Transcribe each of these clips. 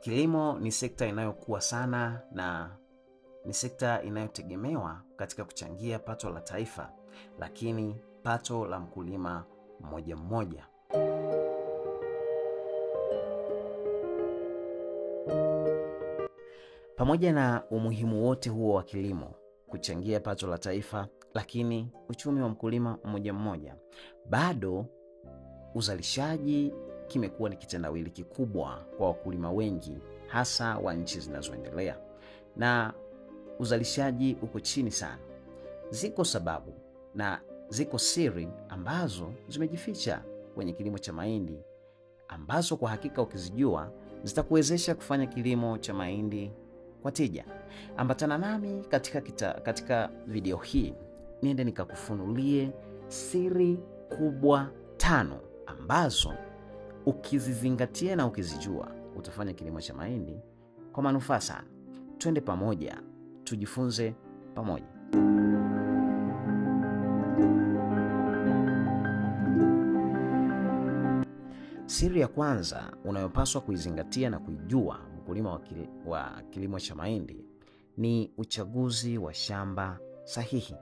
Kilimo ni sekta inayokuwa sana na ni sekta inayotegemewa katika kuchangia pato la taifa, lakini pato la mkulima mmoja mmoja. Pamoja na umuhimu wote huo wa kilimo kuchangia pato la taifa, lakini uchumi wa mkulima mmoja mmoja, bado uzalishaji kimekuwa ni kitendawili kikubwa kwa wakulima wengi, hasa wa nchi zinazoendelea na uzalishaji uko chini sana. Ziko sababu na ziko siri ambazo zimejificha kwenye kilimo cha mahindi ambazo kwa hakika ukizijua zitakuwezesha kufanya kilimo cha mahindi kwa tija. Ambatana nami katika, kita, katika video hii niende nikakufunulie siri kubwa tano ambazo Ukizizingatia na ukizijua, utafanya kilimo cha mahindi kwa manufaa sana. Twende pamoja tujifunze pamoja. Siri ya kwanza unayopaswa kuizingatia na kuijua mkulima wa kilimo cha mahindi ni uchaguzi wa shamba sahihi.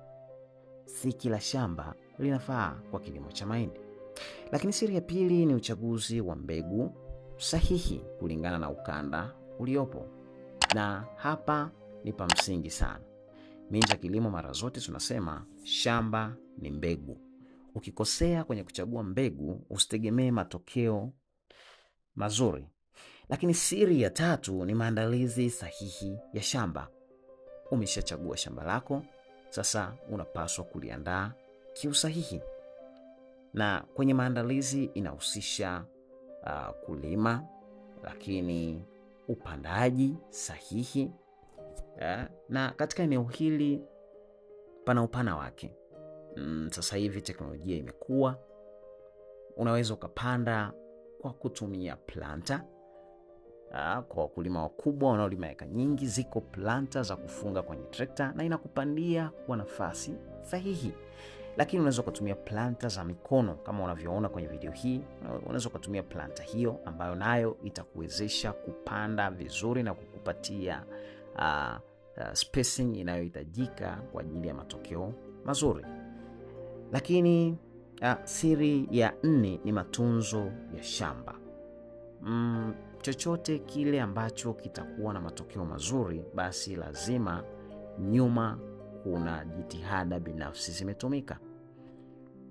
Si kila shamba linafaa kwa kilimo cha mahindi. Lakini siri ya pili ni uchaguzi wa mbegu sahihi kulingana na ukanda uliopo, na hapa ni pa msingi sana. Minja Kilimo mara zote tunasema shamba ni mbegu. Ukikosea kwenye kuchagua mbegu, usitegemee matokeo mazuri. Lakini siri ya tatu ni maandalizi sahihi ya shamba. Umeshachagua shamba lako, sasa unapaswa kuliandaa kiusahihi na kwenye maandalizi inahusisha uh, kulima, lakini upandaji sahihi yeah. Na katika eneo hili pana upana wake. Mm, sasa hivi teknolojia imekuwa, unaweza ukapanda kwa kutumia planta yeah. Kwa wakulima wakubwa wanaolima eka nyingi, ziko planta za kufunga kwenye trekta na inakupandia kwa nafasi sahihi lakini unaweza ukatumia planta za mikono kama unavyoona kwenye video hii. Unaweza ukatumia planta hiyo ambayo nayo itakuwezesha kupanda vizuri na kukupatia uh, uh, spacing inayohitajika kwa ajili ya matokeo mazuri. Lakini uh, siri ya nne ni matunzo ya shamba. Mm, chochote kile ambacho kitakuwa na matokeo mazuri, basi lazima nyuma kuna jitihada binafsi zimetumika.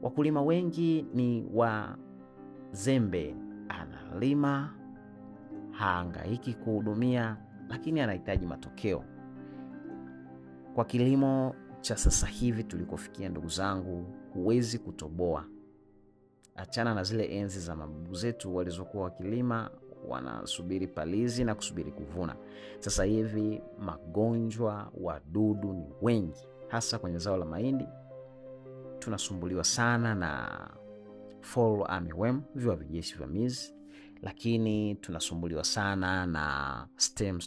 Wakulima wengi ni wazembe, analima haangaiki kuhudumia, lakini anahitaji matokeo. Kwa kilimo cha sasa hivi tulikofikia, ndugu zangu, huwezi kutoboa. Achana na zile enzi za mababu zetu walizokuwa wakilima wanasubiri palizi na kusubiri kuvuna. Sasa hivi magonjwa, wadudu ni wengi, hasa kwenye zao la mahindi tunasumbuliwa sana na Fall Army viwa vijeshi vya mizi, lakini tunasumbuliwa sana na Stem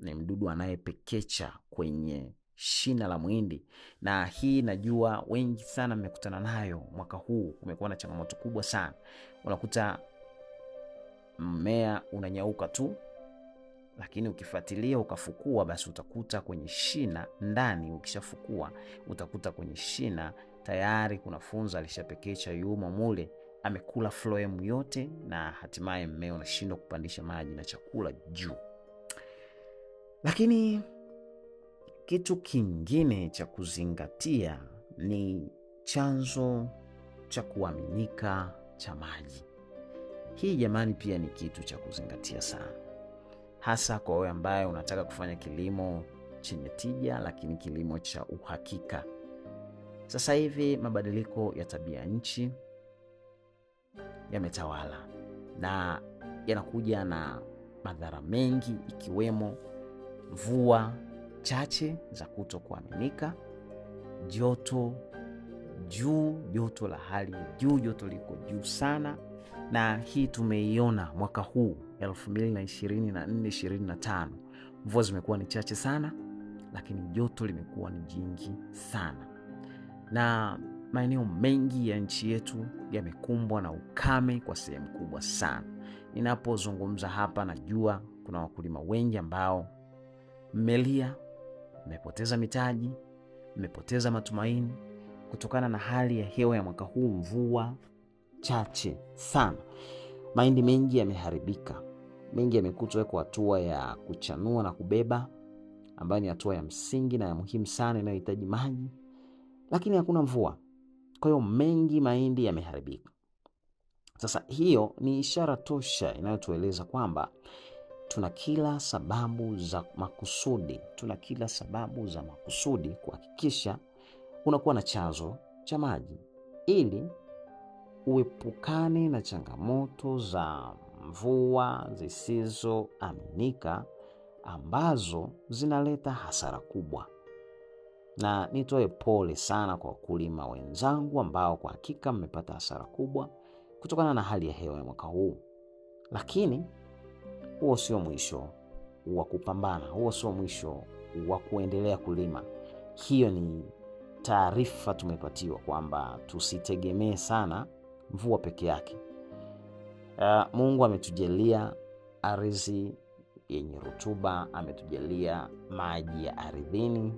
ni mdudu anayepekecha kwenye shina la mwindi, na hii najua wengi sana mmekutana nayo mwaka huu. Umekuwa na changamoto kubwa sana, unakuta mmea unanyauka tu lakini ukifuatilia ukafukua, basi utakuta kwenye shina ndani, ukishafukua utakuta kwenye shina tayari kuna funza alishapekecha yumo mule, amekula floem yote, na hatimaye mmea unashindwa kupandisha maji na chakula juu. Lakini kitu kingine cha kuzingatia ni chanzo cha kuaminika cha maji. Hii jamani, pia ni kitu cha kuzingatia sana hasa kwa wewe ambaye unataka kufanya kilimo chenye tija, lakini kilimo cha uhakika. Sasa hivi mabadiliko ya tabia nchi yametawala na yanakuja na madhara mengi, ikiwemo mvua chache za kuto kuaminika joto juu, joto la hali ya juu, joto liko juu sana, na hii tumeiona mwaka huu 2024-2025. Mvua zimekuwa ni chache sana, lakini joto limekuwa ni jingi sana, na maeneo mengi ya nchi yetu yamekumbwa na ukame kwa sehemu kubwa sana. Ninapozungumza hapa, najua kuna wakulima wengi ambao mmelia, mmepoteza mitaji, mmepoteza matumaini kutokana na hali ya hewa ya mwaka huu, mvua chache sana. Mahindi mengi yameharibika, mengi yamekutwa kwa hatua ya kuchanua na kubeba, ambayo ni hatua ya msingi na ya muhimu sana inayohitaji maji, lakini hakuna mvua. Kwa hiyo mengi mahindi yameharibika. Sasa hiyo ni ishara tosha inayotueleza kwamba tuna kila sababu za makusudi, tuna kila sababu za makusudi kuhakikisha unakuwa na chanzo cha maji ili uepukane na changamoto za mvua zisizoaminika ambazo zinaleta hasara kubwa. Na nitoe pole sana kwa wakulima wenzangu ambao kwa hakika mmepata hasara kubwa kutokana na hali ya hewa ya mwaka huu, lakini huo sio mwisho wa kupambana, huo sio mwisho wa kuendelea kulima. Hiyo ni taarifa tumepatiwa kwamba tusitegemee sana mvua peke yake. Uh, Mungu ametujalia ardhi yenye rutuba, ametujalia maji ya ardhini.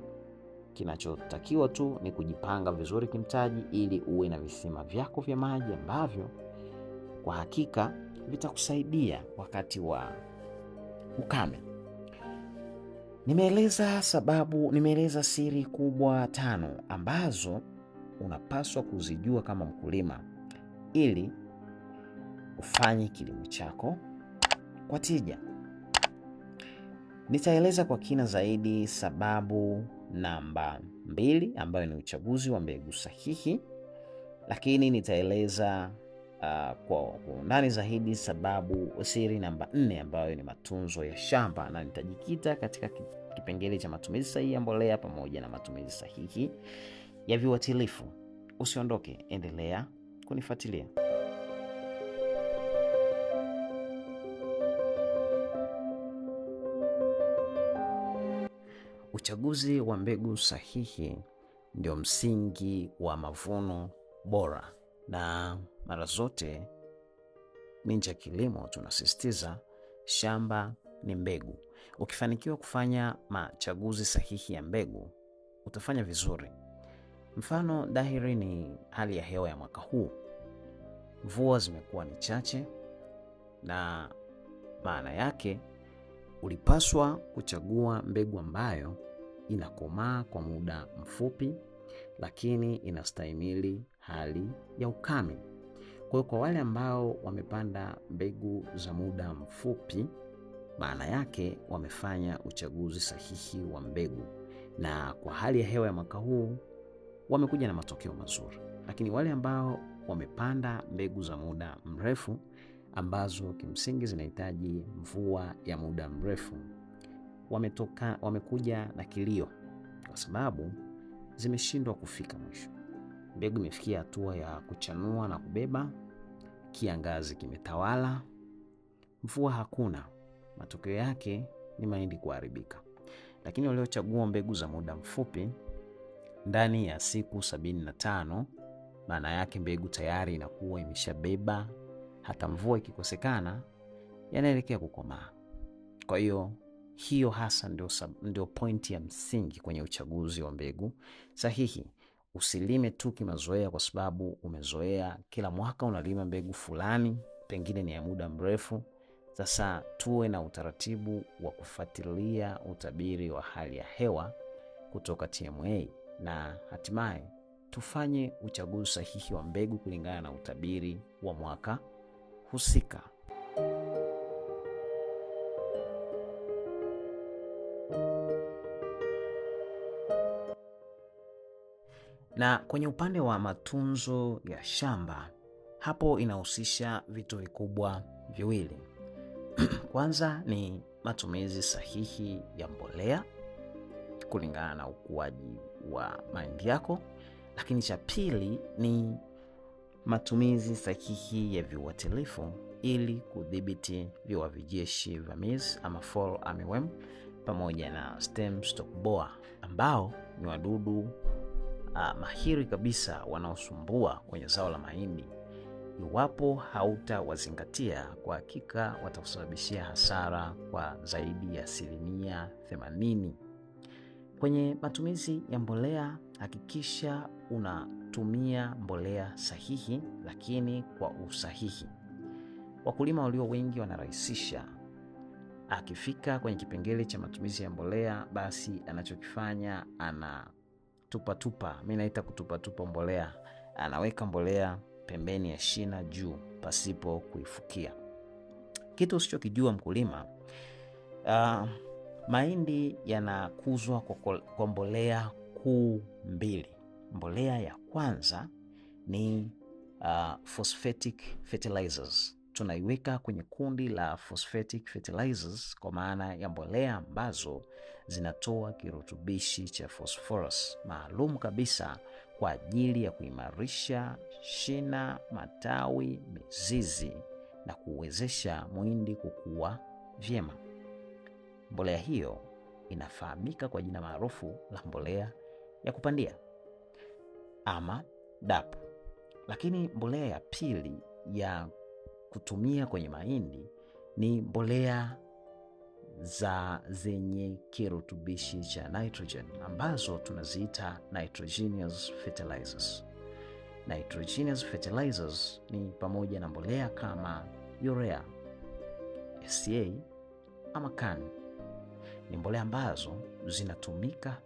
Kinachotakiwa tu ni kujipanga vizuri kimtaji, ili uwe na visima vyako vya maji ambavyo kwa hakika vitakusaidia wakati wa ukame. Nimeeleza sababu, nimeeleza siri kubwa tano ambazo unapaswa kuzijua kama mkulima ili ufanye kilimo chako kwa tija. Nitaeleza kwa kina zaidi sababu namba mbili ambayo ni uchaguzi wa mbegu sahihi, lakini nitaeleza uh, kwa undani zaidi sababu siri namba nne ambayo ni matunzo ya shamba, na nitajikita katika kipengele cha matumizi sahihi ya mbolea pamoja na matumizi sahihi ya viuatilifu. Usiondoke, endelea kunifuatilia. Uchaguzi wa mbegu sahihi ndio msingi wa mavuno bora, na mara zote Minja Kilimo tunasisitiza shamba ni mbegu. Ukifanikiwa kufanya machaguzi sahihi ya mbegu, utafanya vizuri. Mfano dhahiri ni hali ya hewa ya mwaka huu. Mvua zimekuwa ni chache, na maana yake ulipaswa kuchagua mbegu ambayo inakomaa kwa muda mfupi, lakini inastahimili hali ya ukame. Kwa hiyo kwa wale ambao wamepanda mbegu za muda mfupi, maana yake wamefanya uchaguzi sahihi wa mbegu, na kwa hali ya hewa ya mwaka huu wamekuja na matokeo mazuri. Lakini wale ambao wamepanda mbegu za muda mrefu ambazo kimsingi zinahitaji mvua ya muda mrefu wametoka wamekuja na kilio kwa sababu zimeshindwa kufika mwisho. Mbegu imefikia hatua ya kuchanua na kubeba, kiangazi kimetawala, mvua hakuna. Matokeo yake ni mahindi kuharibika. Lakini waliochagua mbegu za muda mfupi, ndani ya siku sabini na tano, maana yake mbegu tayari inakuwa imeshabeba, hata mvua ikikosekana yanaelekea kukomaa. Kwa hiyo hiyo hasa ndio, ndio pointi ya msingi kwenye uchaguzi wa mbegu sahihi. Usilime tu kimazoea, kwa sababu umezoea kila mwaka unalima mbegu fulani, pengine ni ya muda mrefu. Sasa tuwe na utaratibu wa kufuatilia utabiri wa hali ya hewa kutoka TMA na hatimaye tufanye uchaguzi sahihi wa mbegu kulingana na utabiri wa mwaka husika. Na kwenye upande wa matunzo ya shamba, hapo inahusisha vitu vikubwa viwili. Kwanza ni matumizi sahihi ya mbolea kulingana na ukuaji wa mahindi yako, lakini cha pili ni matumizi sahihi ya viuatilifu ili kudhibiti viwavijeshi vamizi ama fall amiwem pamoja na stem stock ambao ni wadudu Ah, mahiri kabisa wanaosumbua kwenye zao la mahindi. Iwapo hautawazingatia, kwa hakika watakusababishia hasara kwa zaidi ya asilimia 80. Kwenye matumizi ya mbolea, hakikisha unatumia mbolea sahihi, lakini kwa usahihi. Wakulima walio wengi wanarahisisha. Akifika kwenye kipengele cha matumizi ya mbolea, basi anachokifanya ana tupatupa, mi naita kutupatupa mbolea. Anaweka mbolea pembeni ya shina juu pasipo kuifukia. Kitu usichokijua mkulima, uh, mahindi yanakuzwa kwa, kwa mbolea kuu mbili. Mbolea ya kwanza ni uh, phosphatic fertilizers tunaiweka kwenye kundi la phosphatic fertilizers kwa maana ya mbolea ambazo zinatoa kirutubishi cha phosphorus maalum kabisa kwa ajili ya kuimarisha shina, matawi, mizizi na kuwezesha mwindi kukua vyema. Mbolea hiyo inafahamika kwa jina maarufu la mbolea ya kupandia ama DAP. Lakini mbolea ya pili ya kutumia kwenye mahindi ni mbolea za zenye kirutubishi cha nitrogen ambazo tunaziita nitrogenous fertilizers. Nitrogenous fertilizers ni pamoja na mbolea kama urea, sa ama kan Ni mbolea ambazo zinatumika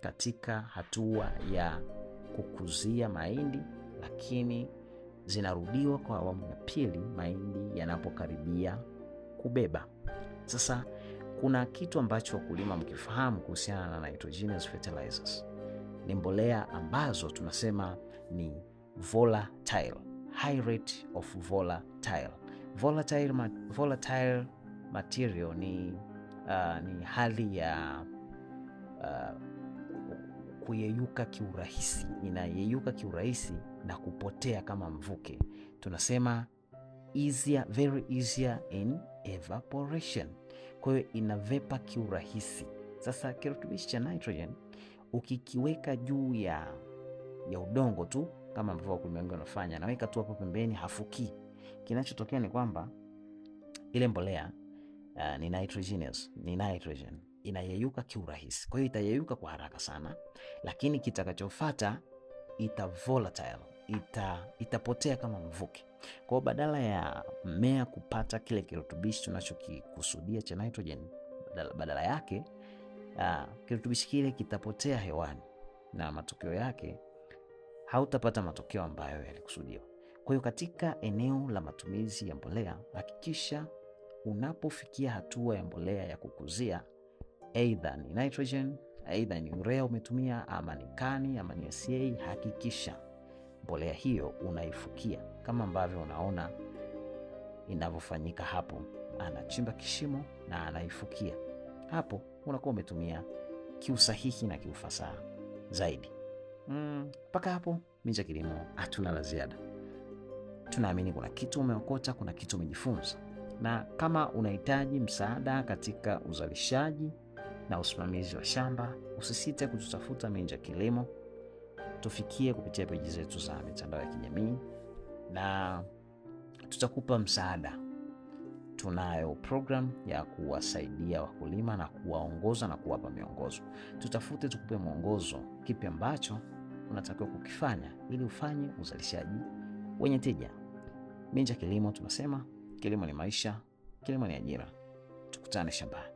katika hatua ya kukuzia mahindi, lakini zinarudiwa kwa awamu ya pili mahindi yanapokaribia kubeba. Sasa kuna kitu ambacho wakulima mkifahamu kuhusiana na nitrogenous fertilizers, ni mbolea ambazo tunasema ni volatile, high rate of volatile. Volatile, ma volatile material ni, uh, ni hali ya uh, kuyeyuka kiurahisi, inayeyuka kiurahisi na kupotea kama mvuke. Tunasema easier, very easier in evaporation. Kwa hiyo inavepa kiurahisi. Sasa kirutubishi cha nitrogen ukikiweka juu ya, ya udongo tu kama ambavyo wakulima wengi wanafanya, naweka tu hapo pembeni, hafuki Kinachotokea ni kwamba ile mbolea uh, ni nitrogenous, ni nitrogen inayeyuka kiurahisi, kwa hiyo itayeyuka kwa haraka sana, lakini kitakachofuata ita volatile ita, itapotea kama mvuke. kwao badala ya mmea kupata kile kirutubishi tunachokikusudia cha nitrogen, badala, badala yake uh, kirutubishi kile kitapotea hewani na matokeo yake hautapata matokeo ambayo yalikusudiwa. Kwa hiyo katika eneo la matumizi ya mbolea, hakikisha unapofikia hatua ya mbolea ya kukuzia, aidha ni nitrogen, aidha ni urea umetumia, ama ni kani ama ni sa hakikisha mbolea hiyo unaifukia kama ambavyo unaona inavyofanyika hapo. Anachimba kishimo na anaifukia hapo, unakuwa umetumia kiusahihi na kiufasaha zaidi. Mm, mpaka mm, hapo Minja Kilimo hatuna la ziada. Tunaamini kuna kitu umeokota, kuna kitu umejifunza, na kama unahitaji msaada katika uzalishaji na usimamizi wa shamba, usisite kututafuta Minja Kilimo tufikie kupitia peji zetu za mitandao ya kijamii na tutakupa msaada. Tunayo program ya kuwasaidia wakulima na kuwaongoza na kuwapa miongozo. Tutafute tukupe mwongozo, kipi ambacho unatakiwa kukifanya ili ufanye uzalishaji wenye tija. Minja Kilimo tunasema kilimo ni maisha, kilimo ni ajira. Tukutane shambani.